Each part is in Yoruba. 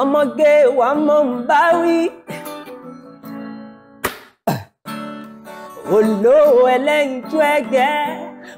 ọmọge wa mọ̀ ń bá wí. olówó ẹlẹ́yinjú ẹ̀gẹ́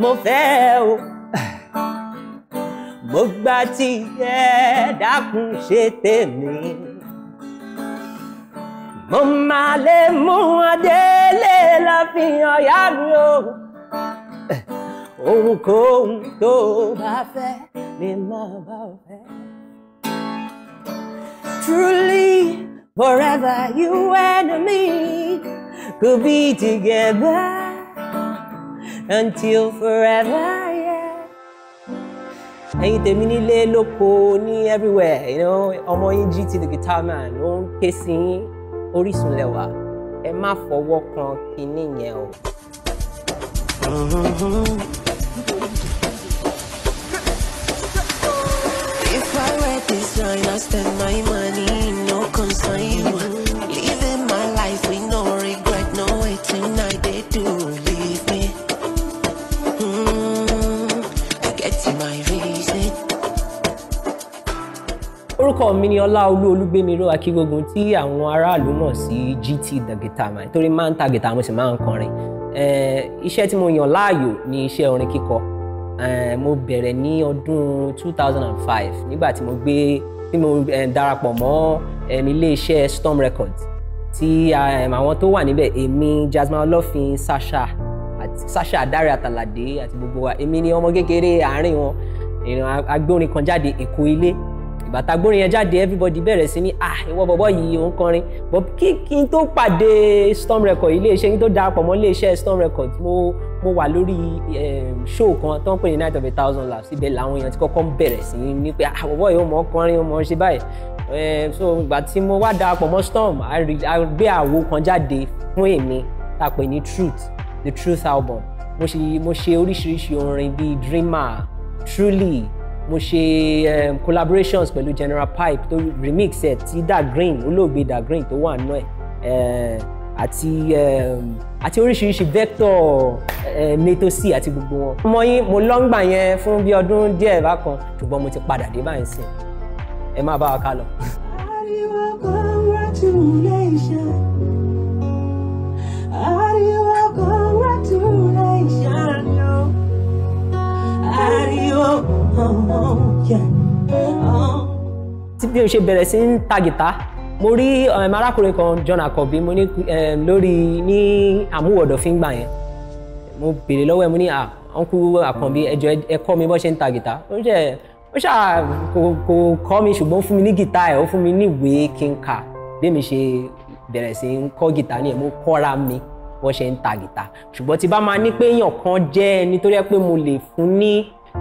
mo fẹ́ o. mo gba tiẹ̀ dákun ṣe tèmi. mo máa lè mú adélé lọ fi hàn yá mi o ohunkóhun tó bá fẹ́ ni máa bá ọ fẹ́. Truly, forever you and me could be together until forever. ẹ̀yin tèmi nílé lóko ní everywhere you know ọmọ yín GT the guitar man ó ń ké sí yín Orísun lẹ́wà ẹ má fọwọ́ kan kinní yẹn o. Uh-huh. time. I spend my money, no concern. Living my life with no regret, no way tonight they do leave me. Mm, I get my reason. orúkọ mi ni ọlá olú olúgbèmíró akígógun tí àwọn aráàlú mọ̀ sí GT the guitar man torí máa ń ta guitar mo sì máa ń kọrin iṣẹ́ tí mo yàn láàyò ni iṣẹ́ orin kíkọ Eh, mo bẹ̀rẹ̀ ní ọdún 2005 nígbà tí mo gbé tí mo eh, darapọ̀ mọ́ eh, iléeṣẹ́ Storm Records tí àwọn tó wà níbẹ̀ èmi Jasmine Olófin Sasha àti Sasha Adare Àtàlàdé àti gbogbo wa èmi ni ọmọ kékeré àárín wọn agbórin kan jáde Èkó ilé ìgbà tá gbórin yẹn jáde everybody bẹ̀rẹ̀ sí ní ah ìwọ bọ̀bọ̀ yìí òun kọrin but kí kí n tó pàdé storm record iléeṣẹ́ kí n tó darapọ̀ mọ́ iléeṣẹ́ storm record mo mo wà lórí ehm, show kan tó ń pè ní night of a thousand laughs ibẹ̀ làwọn èèyàn ti kọ́kọ́ ń bẹ̀rẹ̀ sí ní pé ah bọ̀bọ̀ yìí ó mọ̀ kọrin ó mọ̀ ṣe báyìí ehm, so ìgbà tí mo wá darapọ̀ mọ́ storm a àwo kan jáde fún èmi tá ní truth the truth album mo ṣe mo ṣe oríṣiríṣi orin bíi dreamer truly mo ṣe um, collaborations pẹ̀lú General Pipe tó remix ẹ̀ tí Da Green olóògbé Da Green tó wà nù ẹ̀ eh, àti àti oríṣiríṣi vector eh, netosi àti gbogbo wọn. ọmọ yín mo lọ́ngbà yẹn fún bí ọdún díẹ̀ bákan ṣùgbọ́n mo ti padà dé báyìí sí ẹ má bá wa ká lọ. ariwo kò tí bí o ṣe bẹ̀rẹ̀ sí ń ta gìtá mo rí arákùnrin kan John Akọ̀bí mo ní lórí ní àmúwọ̀dọ̀ fíngbà yẹn mo béèrè lọ́wọ́ ẹ̀ mo ní ọ̀nkú Akọ̀bí ẹ̀jọ̀ ẹ kọ́ mi bọ́ ṣe ń ta gìtá ó ṣe ó ṣà kò kò kọ́ mi ṣùgbọ́n fún mi ní gìtá ẹ̀ ó fún mi ní ìwé kí n kà bí mi ṣe bẹ̀rẹ̀ sí ń kọ́ gìtá ni ẹ̀ mo kọ́ra mi wọ́n ṣe ń ta gìtá ṣùgbọ́n tí bá máa ní pé èèyàn kan jẹ́ ẹni pé mo lè fún ní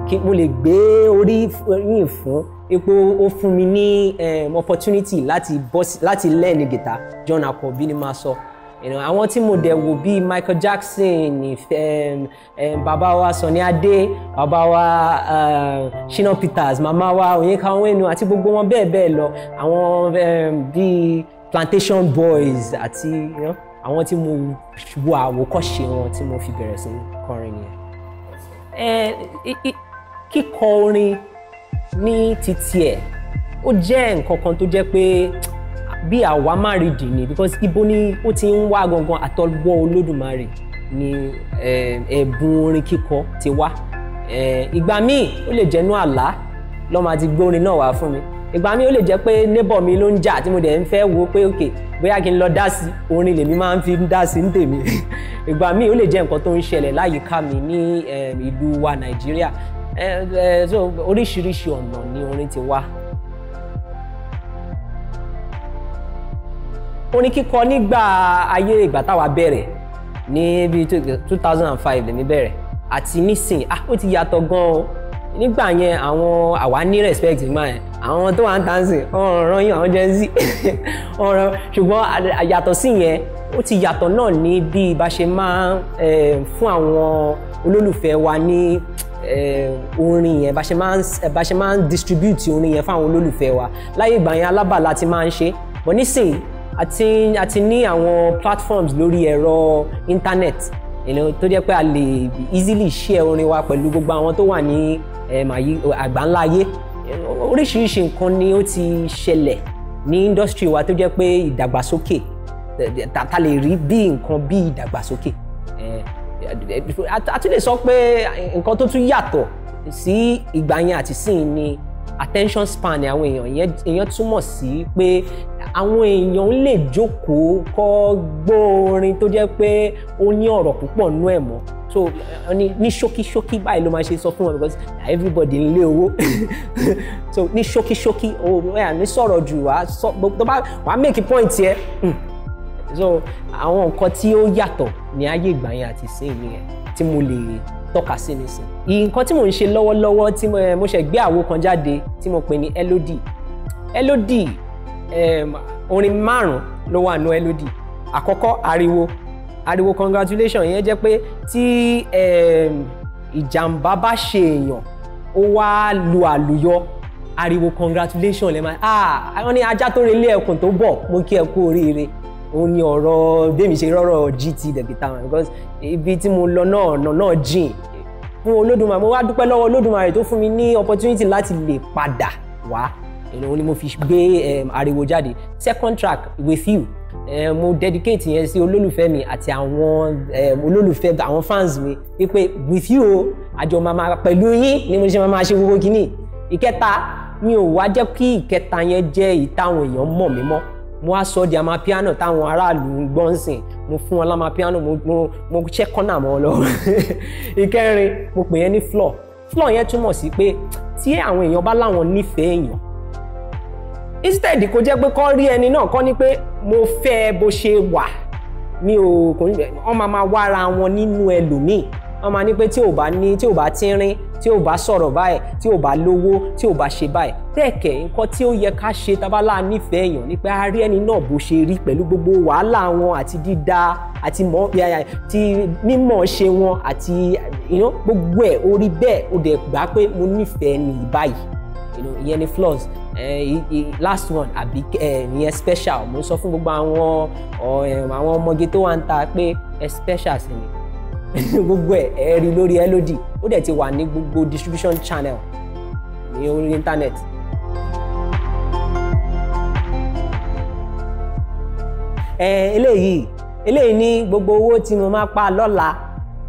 kí mo lè gbé orí yìn fún epo ó fún mi ní opportunity láti bọ́ láti lẹ́ẹ̀ni gìtá John Akọ̀bí ni máa sọ àwọn tí mo dẹ̀ wò bíi Michael Jackson um, um, bàbá wa Sunny Adé bàbá wa uh, Shina Peters màmá wa Òyìnká Onwenu àti gbogbo wọn bẹ́ẹ̀ bẹ́ẹ̀ lọ àwọn um, bíi Plantation Boys àti àwọn tí mo wo àwòkọ́ṣe wọn tí mo fi bẹ̀rẹ̀ sí kọrin yẹn kíkọ orin ní titi ẹ̀ ó jẹ́ nǹkan kan tó jẹ́ pé bí àwa má rí dì ní because ibo ni ó ti ń wá gangan àtọwọ́ olódùmarè ni eh, ẹ̀bùn orin kíkọ ti wá eh, ìgbà míì ó lè jẹ́ inú àlá ló máa ti gbórin náà wá fún mi ìgbà míì ó lè jẹ́ pé neighbor mi ló ń jà tí mo dẹ̀ ń fẹ́ wo pé ok bóyá kí n lọ dá sí orin lèmi máa ń fi dá sí ń tèmi ìgbà míì ó lè jẹ́ nǹkan tó ń ṣẹlẹ̀ láyìíká mi ní eh, ìlú wa Nàìjíríà Eh, eh, so oríṣiríṣi ọ̀nà ni orin ti wá. orin kíkọ nígbà ayé ìgbà táwa bẹ̀rẹ̀ ní bíi two thousand and five lèmi bẹ̀rẹ̀ àti nísìn ah ó ti yàtọ̀ gan-an nígbà yẹn àwọn àwa ní respect gbà yẹn àwọn tó wà ń tàǹsì ọ̀ràn yín àwọn Gen Z ọ̀ràn ṣùgbọ́n yàtọ̀ sí yẹn ó ti yàtọ̀ náà ní bí ibà ṣe máa ń eh, fún àwọn olólùfẹ́ wa ní Eh, orin yẹn bá ṣe máa ń distribute orin yẹn fáwọn olólùfẹ́ wa láyé ìgbà yẹn alábàlá ti máa ń ṣe but nísìnyí àti àti ní àwọn platforms lórí ẹ̀rọ internet tó jẹ́ pé a lè easily share orin wa pẹ̀lú gbogbo àwọn tó wà ní eh, àgbáńlá ayé oríṣiríṣi nǹkan ni ó ti ṣẹlẹ̀ ní industry wa tó jẹ́ pé ìdàgbàsókè eh, ta lè rí bí nǹkan bí ìdàgbàsókè àtúndé sọ pé nǹkan tó tún yàtọ̀ sí ìgbà yẹn àti sìn ni attention span àwọn èèyàn èèyàn túmọ̀ sí pé àwọn èèyàn lè jókòó kọ́ gbọ́ orin tó jẹ́ pé ó ní ọ̀rọ̀ púpọ̀ nú ẹ̀ mọ́ so ní ní ṣókíṣókí báyìí ló máa ṣe sọ fún wọn because everybody ń lé owó so ní ṣókíṣókí owó oh, ẹ̀ ní sọ̀rọ̀ jù wá sọ tó bá make point yẹ hmm so àwọn nǹkan tí ó yàtọ̀ ní ayé ìgbà yẹn àti ìsìn yẹn tí mo lè tọ́ka sí nísìn. nǹkan tí mò ń ṣe lọ́wọ́lọ́wọ́ tí mo ṣe gbé àwo kan jáde tí mo pè ní elodie elodie orin márùn ló wà nù elodie àkọ́kọ́ ariwo ariwo congratulations yẹn jẹ́ pé tí ìjàmbá bá ṣe èèyàn ó wá lu àlùyọ ariwo congratulations lẹ́ẹ̀ máa ah wọ́n ní ajá tó relé ẹkùn tó bọ̀ mo kí ẹ kú oríire òun ni ọ̀rọ̀ bẹ́ẹ̀mi ṣe rọ́rọ̀ GT Debby Town because ibi tí mo lọ náà ọ̀nà náà jìn fún Olódùmarè mo wá dúpẹ́ lọ́wọ́ Olódùmarè tó fún mi ní opportunity láti lè padà wá òun ni mo fi gbé ehm, ariwo jáde second track with you ehm, mo dedicate yẹn sí olólùfẹ́ mi àti àwọn eh, olólùfẹ́ àwọn fans mi wípé with you o àjọ màmá pẹ̀lú yín ni mo ṣe máa ṣe gbogbo kínní ìkẹta mi ò wá jẹ́ kí ìkẹta yẹn jẹ́ ìtàwọn èèyàn mọ̀ mí mọ́ mo wá sọ di amapiano táwọn aráàlú ń gbọ́ ń sìn mo fún wọn lámapiano mo mo mo kọ́nà mọ́ lọ ìkẹrin mo pè yẹn ní floor floor yẹn túmọ̀ sí pé tí àwọn èèyàn bá láwọn nífẹ̀ẹ́ èèyàn instead kò jẹ́ pé kọ́ rí ẹni náà kọ́ ni pé mo fẹ́ bó ṣe wà mi ò kò ní wọ́n máa máa wára wọn nínú ẹlòmíì wọ́n máa ní pé tí ò bá ní tí ò bá tínrín tí ò bá sọ̀rọ̀ báyìí tí ò bá lówó tí ò bá ṣe báyìí tẹ́ẹ̀kẹ́ nǹkan tí ó yẹ ká ṣe tabalá nífẹ̀ẹ́ èèyàn ni pé a rí ẹni náà bó ṣe rí pẹ̀lú gbogbo wàhálà wọn àti dídá àti mímọ̀ ṣe wọn àti gbogbo ẹ̀ orí bẹ́ẹ̀ ó dẹ̀ gbà pé mo nífẹ̀ẹ́ ní báyìí ìyẹn ni flaws last one àbí ìyẹn special mo sọ fún gbogbo àwọn ọmọge tó wà ń ta pé special sí ni gbogbo ẹ̀ ẹ̀ rí lórí LOD ó dẹ̀ ti wà ní gbogbo distribution channel ní orí íńtánẹ́ẹ̀tì. ẹ eléyìí eléyìí ní gbogbo owó tí mo máa pa lọ́la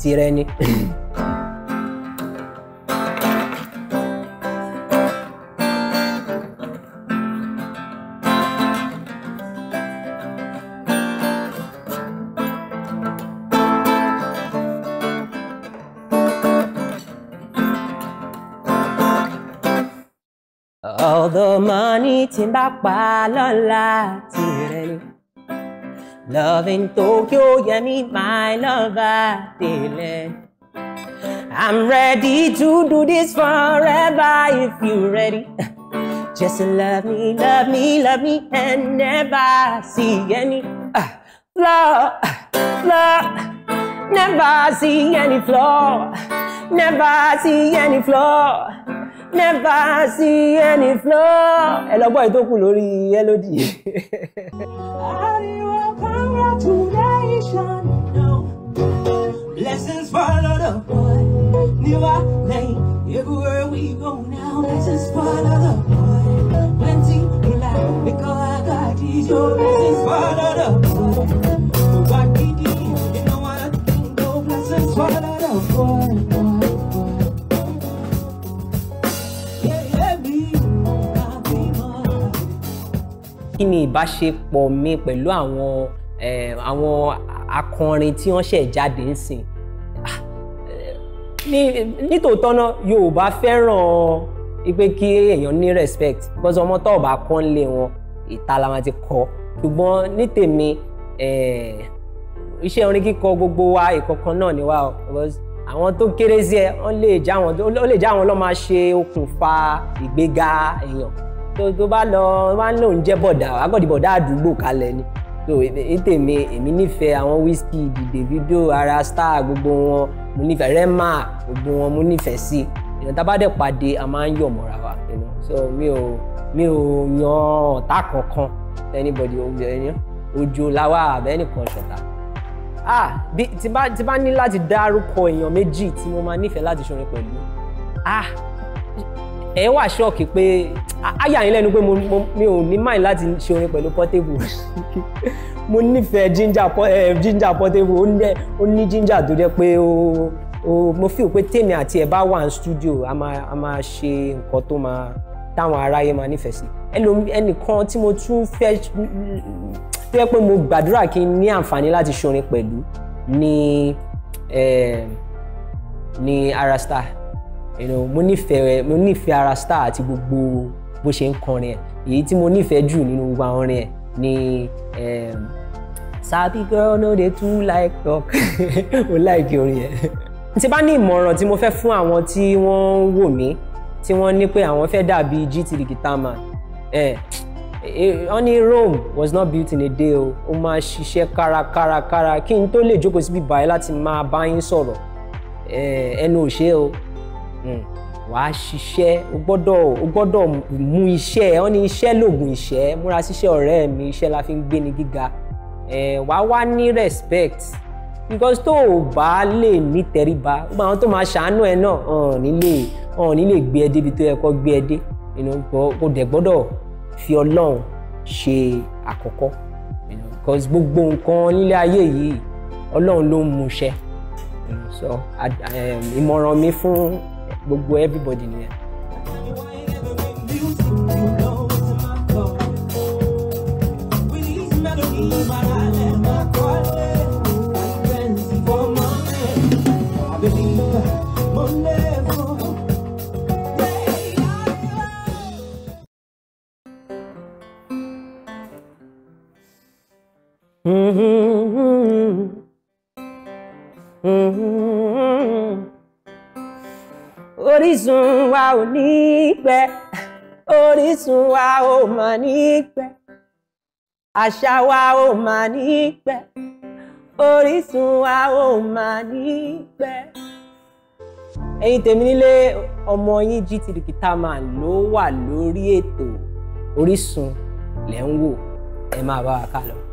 tìrẹ ni. tí n bá pa lọ́la tìrẹ ni. Love in Tokyo, Yemi, my lover, tẹ́lẹ̀. I'm ready to do this forever if you're ready. Just love me, love me, love me, and never see any uh, flaw, uh, flaw. Never see any flaw, never see any flaw never see any flaw. ẹ lọ gbọ́ èyí tó kù lórí Melody. ariwo congratulation no blessings follow the boy níwá lẹ́yìn everywhere we go now blessings follow the boy plenty of life because I got these your blessings follow the boy. ìbáṣepọ̀ mi pẹ̀lú àwọn àwọn akọrin tí wọ́n ṣẹ̀ jáde ń sìn ah, nítòótọ́ náà Yorùbá fẹ́ràn pé kí èèyàn ní respect because ọmọ tó bá kọ́ ń wọn ìta la máa ti kọ́ ṣùgbọ́n ní tèmi iṣẹ́ orin kíkọ gbogbo wa ìkọ̀kan náà ni wa àwọn tó kéré sí ẹ ó lè já àwọn ló máa ṣe okùnfà ìgbéga èèyàn tó bá lọ wá ń lòun jẹ́ bọ̀dà agbọ̀dì bọ̀dà àdúgbò kalẹ̀ ni so ètèmi èmi nífẹ̀ẹ́ àwọn Wizkid Davido ara star gbogbo wọn mo nífẹ̀ẹ́ Rema gbogbo wọn mo nífẹ̀ẹ́ sí ìyẹn tá a bá dẹ̀ pàdé a máa ń yọ̀ mọ́ra wa so mi ò mi ò yan ọ̀tá kankan anybody ojú lawa. àbẹ́nìkan ṣọ̀tá ah bí tí bá ní láti dárúkọ èèyàn méjì tí mo máa nífẹ̀ẹ́ láti ṣorin pẹ̀lú ah ẹ wà ṣọ́ọ̀kì pé àyà yín lẹ́nu pé mi ò ní mind láti ṣe orin pẹ̀lú portable mo nífẹ̀ẹ́ ginger eh, ginger portable ó ní ginger tó jẹ́ pé ó mo feel pé tèmi àti ẹ̀ bá wà ní studio a máa ṣe nǹkan tó máa táwọn aráyé máa nífẹ̀ẹ́ sí ẹnìkan tí mo tún fẹ́ tó yẹ pé mo gbàdúrà kí n ní àǹfààní láti ṣorin pẹ̀lú ni eh, ni Arastar you know mo nífẹ̀ẹ́ mo nífẹ̀ẹ́ ara star àti gbogbo bó ṣe ń kọrin ẹ̀ èyí tí mo nífẹ̀ẹ́ jù nínú gbogbo àwọn orin ẹ̀ ni ehm, sabi girl no dey too like talk mo like orin ẹ̀. tí bá ní ìmọ̀ràn tí mo fẹ́ fún àwọn tí wọ́n ń wò mí tí wọ́n ní pé àwọn fẹ́ dàbí GT the guitar man eh, e, wọ́n ní Rome was not built in a day o ó máa ṣiṣẹ́ kárakárakára kí n tó lè jókòó síbi báyìí láti máa bá yín sọ̀rọ̀ eh, ẹnu ò ṣe o. Mm. wàá ṣiṣẹ́ o gbọ́dọ̀ o gbọ́dọ̀ mú iṣẹ́ ẹ wọ́n ní iṣẹ́ lògùn ìṣẹ́ múra síṣẹ́ ọ̀rẹ́ mi iṣẹ́ la fi ń gbé ni gíga wàá wá ní respect because tó o bá lè ní tẹríba gbogbo àwọn tó máa ṣàánú ẹ náà hàn nílé hàn nílé gbé ẹ débi tó yẹ kó gbé ẹ dé kò dẹ̀ gbọ́dọ̀ fi ọlọ́run ṣe àkọ́kọ́ because gbogbo nǹkan nílé ayé yìí ọlọ́run ló ń mú ṣẹ so ìmọ̀ràn mi fún gbogbo everybody nìyẹn. But I let my go. orísun wa ò ní pẹ́ orísun wa ò mà ní pẹ́ àṣà wa ò mà ní pẹ́ orísun wa ò mà ní pẹ́. ẹ̀yin tèmi nílé ọmọ yín GT The Guitarman ló wà lórí ètò Orísun lẹ́ ń wò ẹ máa bá wa ká lọ.